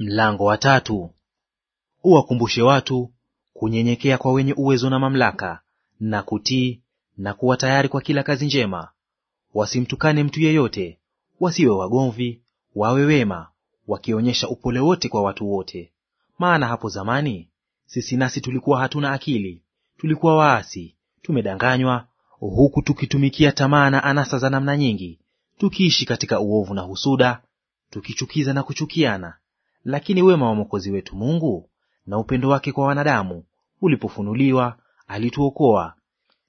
Mlango wa tatu. Uwakumbushe watu kunyenyekea kwa wenye uwezo na mamlaka, na kutii na kuwa tayari kwa kila kazi njema. Wasimtukane mtu yeyote, wasiwe wagomvi, wawe wema, wakionyesha upole wote kwa watu wote. Maana hapo zamani sisi nasi tulikuwa hatuna akili, tulikuwa waasi, tumedanganywa, huku tukitumikia tamaa na anasa za namna nyingi, tukiishi katika uovu na husuda, tukichukiza na kuchukiana lakini wema wa Mwokozi wetu Mungu na upendo wake kwa wanadamu ulipofunuliwa, alituokoa,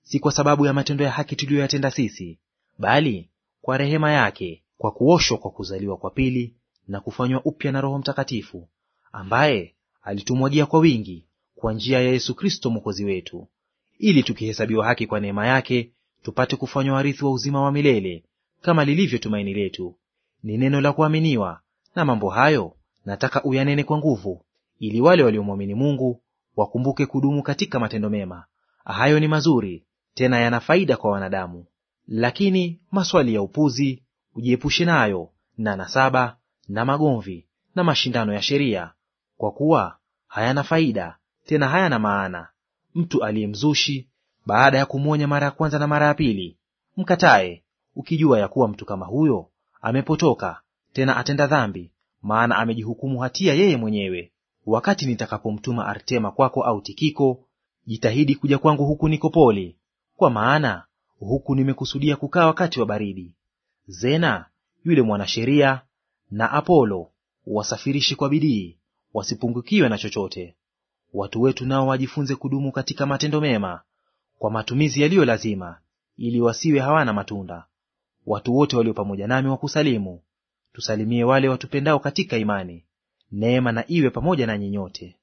si kwa sababu ya matendo ya haki tuliyoyatenda sisi, bali kwa rehema yake, kwa kuoshwa kwa kuzaliwa kwa pili na kufanywa upya na Roho Mtakatifu, ambaye alitumwagia kwa wingi kwa njia ya Yesu Kristo Mwokozi wetu, ili tukihesabiwa haki kwa neema yake tupate kufanywa warithi wa uzima wa milele, kama lilivyo tumaini letu. Ni neno la kuaminiwa, na mambo hayo nataka uyanene kwa nguvu, ili wale waliomwamini Mungu wakumbuke kudumu katika matendo mema. Hayo ni mazuri tena yana faida kwa wanadamu. Lakini maswali ya upuzi ujiepushe nayo, na nasaba na magomvi na mashindano ya sheria, kwa kuwa hayana faida tena hayana maana. Mtu aliye mzushi, baada ya kumwonya mara ya kwanza na mara ya pili, mkatae, ukijua ya kuwa mtu kama huyo amepotoka tena atenda dhambi maana amejihukumu hatia yeye mwenyewe. Wakati nitakapomtuma Artema kwako au Tikiko, jitahidi kuja kwangu huku Nikopoli, kwa maana huku nimekusudia kukaa wakati wa baridi. Zena yule mwanasheria na Apolo wasafirishi kwa bidii, wasipungukiwe na chochote. Watu wetu nao wajifunze kudumu katika matendo mema kwa matumizi yaliyo lazima, ili wasiwe hawana matunda. Watu wote walio pamoja nami wakusalimu tusalimie wale watupendao katika imani. Neema na iwe pamoja nanyi nyote.